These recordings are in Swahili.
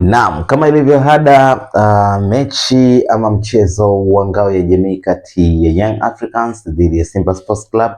Naam, kama ilivyo hada uh, ah, mechi ama mchezo wa ngao ya jamii kati ya Young Africans dhidi ya Simba Sports Club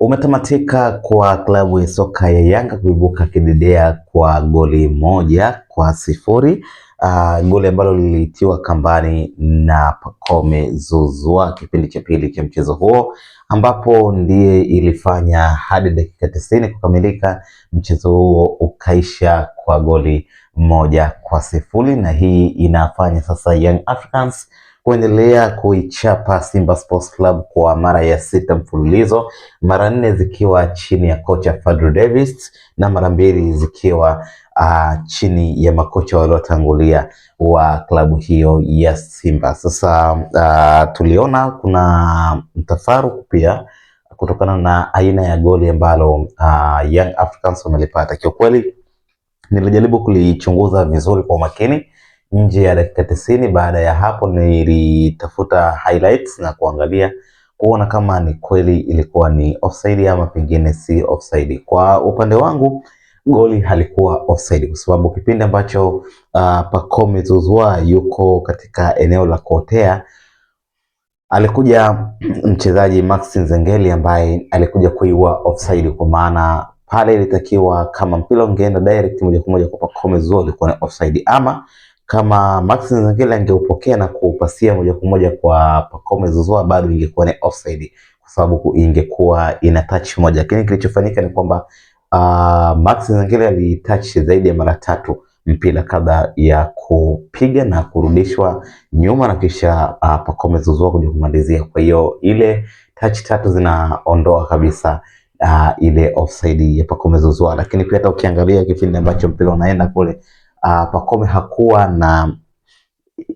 umetamatika kwa klabu ya soka ya Yanga kuibuka kidedea kwa goli moja kwa sifuri uh, ah, goli ambalo lilitiwa kambani na Pacome Zuzua kipindi cha pili cha mchezo huo, ambapo ndiye ilifanya hadi dakika tisini kukamilika mchezo huo ukaisha kwa goli moja kwa sifuri, na hii inafanya sasa Young Africans kuendelea kuichapa Simba Sports Club kwa mara ya sita mfululizo, mara nne zikiwa chini ya kocha Fadlu Davis na mara mbili zikiwa uh, chini ya makocha waliotangulia wa klabu hiyo ya Simba. Sasa uh, tuliona kuna mtafaruku pia kutokana na aina ya goli ambalo uh, Young Africans wamelipata. Kiukweli nilijaribu kulichunguza vizuri kwa makini nje ya dakika tisini. Baada ya hapo nilitafuta highlights na kuangalia kuona kama ni kweli ilikuwa ni offside ama pengine si offside. Kwa upande wangu goli halikuwa offside, kwa sababu kipindi ambacho uh, ah, Pacome Zouzoua yuko katika eneo la kuotea alikuja mchezaji Maxi Zengeli ambaye alikuja kuiwa offside, kwa maana pale ilitakiwa kama mpira ungeenda direct moja kwa moja kwa Pacome Zouzoua alikuwa na offside, ama kama Maxi Zengeli angeupokea na kuupasia moja kwa moja kwa Pacome Zouzoua bado ingekuwa ni offside, kwa sababu ingekuwa ina touch moja, lakini kilichofanyika ni kwamba Uh, Max Zangele alitouch zaidi ya mara tatu mpira kabla ya kupiga na kurudishwa nyuma na kisha uh, Pacome Zouzoua kuja kumalizia. Kwa hiyo ile touch tatu zinaondoa kabisa uh, ile offside ya Pacome Zouzoua, lakini pia hata ukiangalia kipindi ambacho mpira unaenda kule uh, Pacome hakuwa na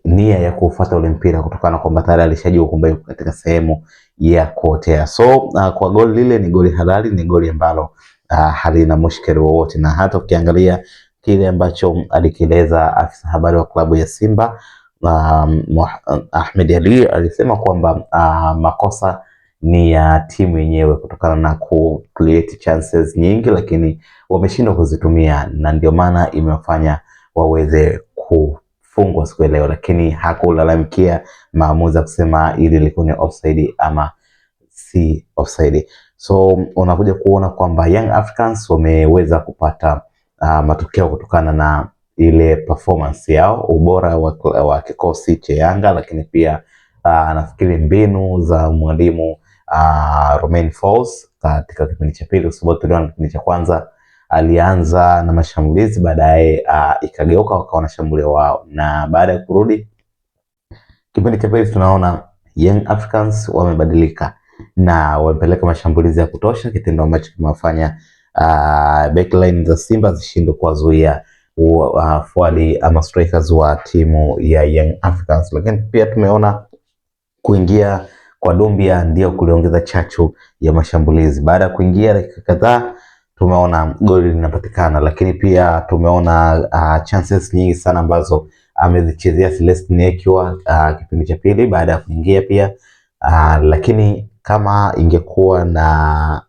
nia ya kufuata ule mpira kutokana na kwamba tayari alishajua kwamba yuko katika sehemu ya kuotea. So uh, kwa goli lile ni goli halali, ni goli ambalo uh, halina mushkeli wowote, na hata ukiangalia kile ambacho alikieleza afisa habari wa klabu ya Simba um, Ahmed Ali alisema kwamba uh, makosa ni ya uh, timu yenyewe kutokana na ku create chances nyingi, lakini wameshindwa kuzitumia na ndio maana imefanya waweze kufungwa siku ya leo, lakini hakulalamikia maamuzi ya kusema ili ilikuwa ni offside ama si offside. So unakuja kuona kwamba Young Africans wameweza kupata uh, matokeo kutokana na ile performance yao, ubora wa, wa kikosi cha Yanga, lakini pia uh, nafikiri mbinu za mwalimu uh, Romain Folz katika kipindi cha pili, kwa sababu tuliona kipindi cha kwanza alianza na mashambulizi baadaye uh, ikageuka wakawa shambulio wao, na baada ya kurudi kipindi cha pili tunaona Young Africans wamebadilika na wamepeleka mashambulizi ya kutosha, kitendo ambacho kimewafanya uh, backline za Simba zishindwe kuwazuia uh, ah, forward ama strikers wa timu ya Young Africans. Lakini pia tumeona kuingia kwa Dumbia ndio kuliongeza chachu ya mashambulizi. Baada ya kuingia dakika kadhaa, tumeona goli linapatikana, lakini pia tumeona uh, chances nyingi sana ambazo amezichezea Celestine akiwa uh, kipindi cha pili baada ya kuingia pia uh, lakini kama ingekuwa na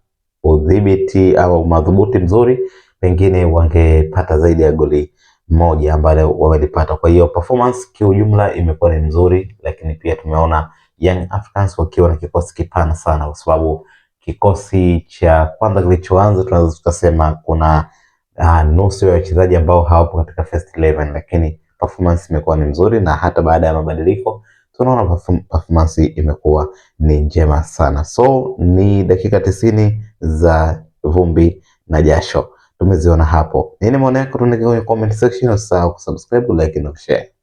udhibiti au madhubuti mzuri, pengine wangepata zaidi ya goli moja ambalo wamelipata. Kwa hiyo performance kiujumla imekuwa ni mzuri, lakini pia tumeona Young Africans wakiwa na kikosi kipana sana, kwa sababu kikosi cha kwanza kilichoanza tunaweza tukasema kuna uh, nusu ya wachezaji ambao hawapo katika first 11 lakini performance imekuwa ni mzuri na hata baada ya mabadiliko tunaona performance imekuwa ni njema sana. So ni dakika tisini za vumbi na jasho tumeziona hapo. Nini maoni yako? Tuandike kwenye comment section, usahau kusubscribe, like na share.